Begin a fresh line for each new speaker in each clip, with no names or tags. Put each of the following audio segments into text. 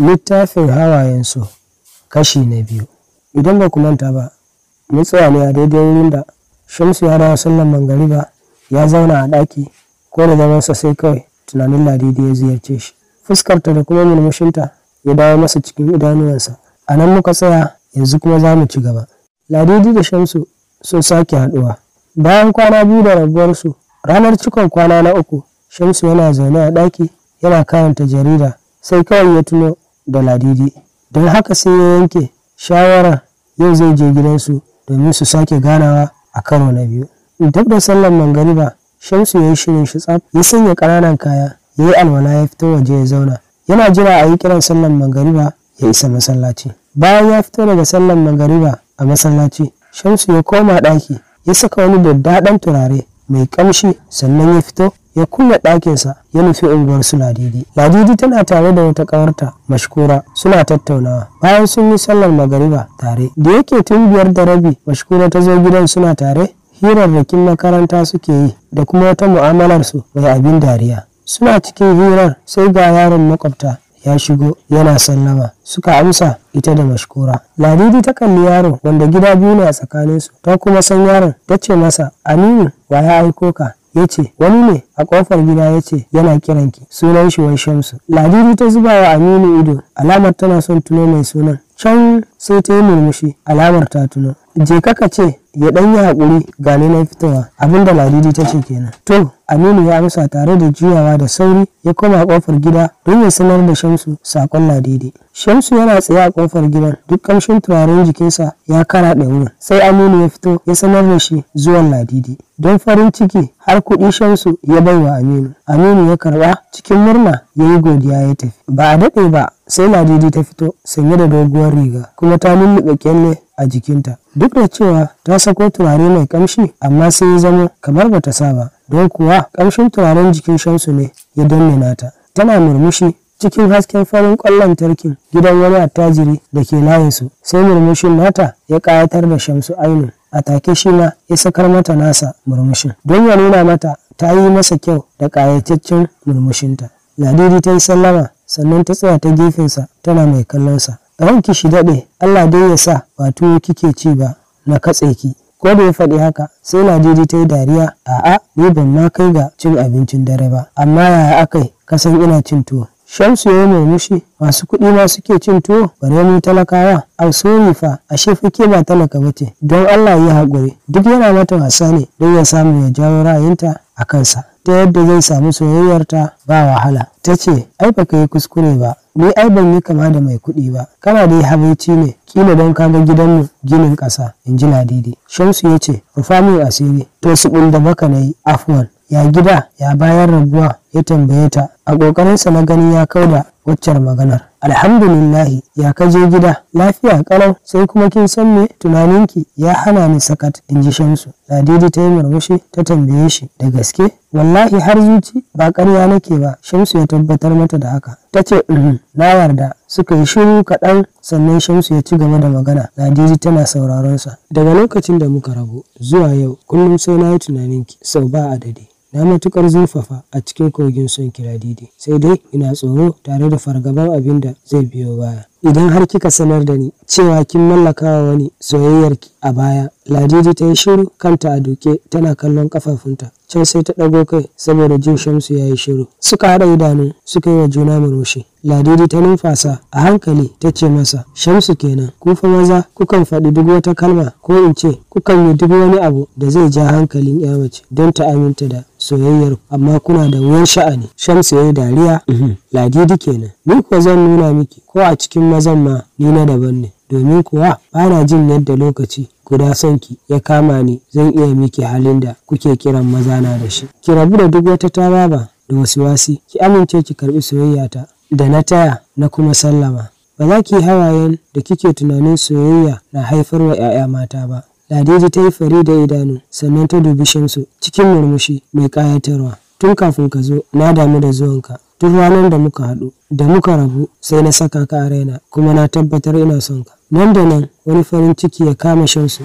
littafin hawayensu kashi na biyu idan ba ku manta ba mun ne a daidai wurin da shamsu ya dawo sallan mangariba ya zauna a ɗaki ko da zamansa sai kawai tunanin ladidi ya ziyarce shi fuskarta da kuma murmushinta ya dawo masa cikin idanuwansa a nan muka tsaya yanzu kuma za mu ci gaba ladidi da shamsu sun sake haɗuwa bayan kwana biyu da rabuwarsu ranar cikon kwana na uku shamsu yana zaune a ɗaki yana karanta jarida sai kawai ya tuno da ladidi don haka sai ya yanke shawara yau zai je gidansu domin su sake ganawa a karo na biyu duk da sallar mangariba shamsu ya yi shirin shi tsaf ya sanya ƙananan kaya ya yi alwala ya fito waje ya zauna yana jira a yi kiran sallar mangariba ya isa masallaci bayan ya fito daga sallar mangariba a masallaci shamsu ya koma ɗaki ya saka wani daddaɗan turare mai kamshi sannan ya fito ya kulle ɗakinsa ya nufi unguwar su ladidi ladidi tana tare da wata ƙawarta mashkura suna tattaunawa bayan sun yi sallar magariba tare da yake tun biyar da rabi mashkura ta zo gidan suna tare hirarrakin makaranta suke yi da kuma wata mu'amalar su mai abin dariya suna cikin hirar sai ga yaron makwabta ya shigo yana sallama suka amsa ita da mashkura ladidi ta kalli yaron wanda gida biyu ne a tsakaninsu ta kuma san yaron ta ce masa aminu wa ya aiko ka ya ce wani ne a kofar gida ya ce yana kiranki sunan shi wai shamsu ladidi ta zuba wa aminu ido alamar tana son tuno mai sunan Can sai ta yi murmushi alamar ta tuno. Je ka ce ya ɗan yi haƙuri gane na fitowa abin da ladidi ta ce kenan. To Aminu ya amsa tare da juyawa da sauri ya koma ƙofar gida don ya sanar da Shamsu saƙon ladidi. Shamsu yana tsaye a ƙofar gidan duk kamshin turaren jikinsa ya da wuri sai Aminu ya fito ya sanar da shi zuwan ladidi. Don farin ciki har kuɗi Shamsu ya baiwa Aminu. Aminu ya karɓa cikin murna ya yi godiya ya tafi ba a daɗe ba sai ladidi ta fito sanye da doguwar riga kuma ta lulluɓe kyalle a jikinta duk da cewa ta sako turare mai kamshi amma sai ya zama kamar bata saba don kuwa kamshin turaren jikin shamsu ne ya danne nata tana murmushi cikin hasken farin kwallon tarkin gidan wani attajiri da ke layinsu sai murmushin nata ya ƙayatar da shamsu ainu a take shi ma ya sakar mata nasa murmushin don ya nuna mata ta yi masa kyau da ƙayataccen murmushinta Ladidi ta yi sallama sannan ta tsaya ta gefensa tana mai kallonsa. Ranki shi daɗe, Allah dai ya sa ba tuwo kike ci ba na katse ki. Ko da ya faɗi haka sai Ladidi ta yi dariya a'a ni ban ma kai ga cin abincin dare ba amma yaya akai ka san ina cin tuwo. Shamsu ya murmushi masu kuɗi ma suke cin tuwo bare mu talakawa au sori fa ashe fike ba talaka bace don Allah ya haƙuri duk yana mata wasa ne don ya samu ya jawo ra'ayinta a kansa. ta yadda zai samu soyayyarta ba wahala ta ce ai ba ka yi kuskure ba ni ai ban yi kama da mai kuɗi ba kana dai habaici ne kila don kaga gidanmu ginin ƙasa in ji ladidi shamsu ya ce rufamu min asiri to su da maka na yi afuwan ya gida ya bayan rabuwa ya tambaye ta a ƙoƙarinsa na gani ya kauda waccar maganar alhamdulillahi ya ka je gida lafiya kalau sai kuma kin san me tunaninki ya hana ni sakat in ji shamsu ladidi ta yi murmushi ta tambaye shi da gaske wallahi har zuci ba karya nake ba shamsu ya tabbatar mata da haka ta ce mm, na yarda suka yi shiru kaɗan sannan shamsu ya ci gaba da magana ladidi tana sauraron sa daga lokacin da muka rabu zuwa yau kullum sai na yi tunaninki sau ba adadi na matuƙar zurfafa a cikin kogin son kiradidi sai dai ina tsoro tare da fargaban abin da zai biyo baya idan har kika sanar da ni cewa kin mallaka wa wani soyayyarki a baya. Ladidi ta yi shiru kanta a duke tana kallon kafafunta. Can sai ta ɗago kai saboda jin Shamsu ya yi shiru. Suka haɗa idanu suka yi wa juna murmushi. Ladidi ta numfasa a hankali ta ce masa Shamsu kenan ku maza kukan faɗi duk wata kalma ko in ce kukan yi duk wani abu da zai ja hankalin ya mace don ta aminta da soyayyar amma kuna da wuyan sha'ani. Shamsu ya yi dariya. Uhm, Ladidi kenan. Ni kuwa zan nuna miki ko a cikin mazan ma ni na daban ne domin kuwa ba na jin yadda lokaci guda son ki ya kama ni zan iya miki halin da kuke kiran maza na da shi ki rabu da duk wata taraba da wasu wasi, ki amince ki karbi soyayyata da na taya na kuma sallama ba za ki hawayen da kike tunanin soyayya na haifar wa 'ya'ya mata ba Ladiji ta yi fari da idanu sannan ta dubi Shamsu cikin murmushi mai ƙayatarwa. Tun kafin ka zo na damu da zuwanka. Tun ranar da muka haɗu, da muka rabu sai na saka ka a raina kuma na tabbatar ina son ka. Nan da nan wani farin ciki ya kama shansu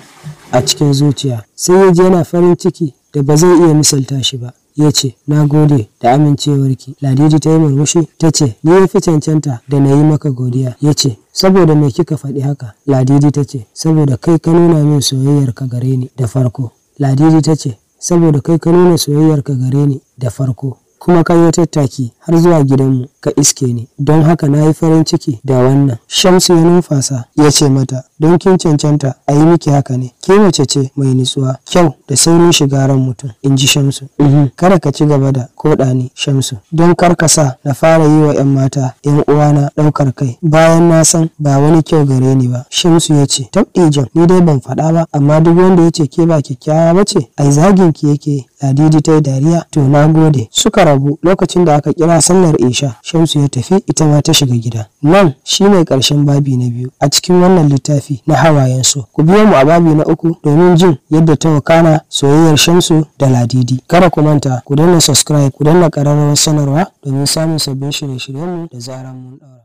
a cikin zuciya. Sai ya je yana farin ciki da ba zai iya misalta shi ba. ya ce na gode da amincewarki ladidi ta yi murmushi ta ce ni ya fi cancanta da na yi maka godiya ya ce saboda me kika faɗi haka ladidi ta ce saboda kai ka nuna min soyayyarka gare ni da farko ladidi ta ce saboda kai ka nuna soyayyarka gare ni da farko kuma ka yi tattaki har zuwa gidanmu ka iske ni don haka na yi farin ciki da wannan shamsu ya numfasa ya ce mata don kin cancanta a yi miki haka ne ke mace ce mai nutsuwa kyau da saurin shiga ran mutum in ji shamsu mhm. kada ka ci gaba da koda ni shamsu don kar ka sa na fara yi wa 'yan mata 'yan uwana ɗaukar kai bayan na san ba wani kyau gare ni ba shamsu ya ce tab ejan eh, ni dai ban faɗa ba amma duk wanda ya ce ke ba kyakkyawa ba ce ai zagin ki yake Ladidi ta yi dariya to na gode suka rabu lokacin da aka kira sallar isha shamsu ya tafi ita ma ta shiga gida Nan shi ne ƙarshen babi na biyu a cikin wannan littafi na hawayensu Ku biyo mu a babi na uku domin jin yadda ta wakana soyayyar Shamsu da Ladidi. Kada ku manta ku danna subscribe ku danna ƙararrawar sanarwa domin samun sabbin shirye-shiryenmu da zaran mun ɗaura.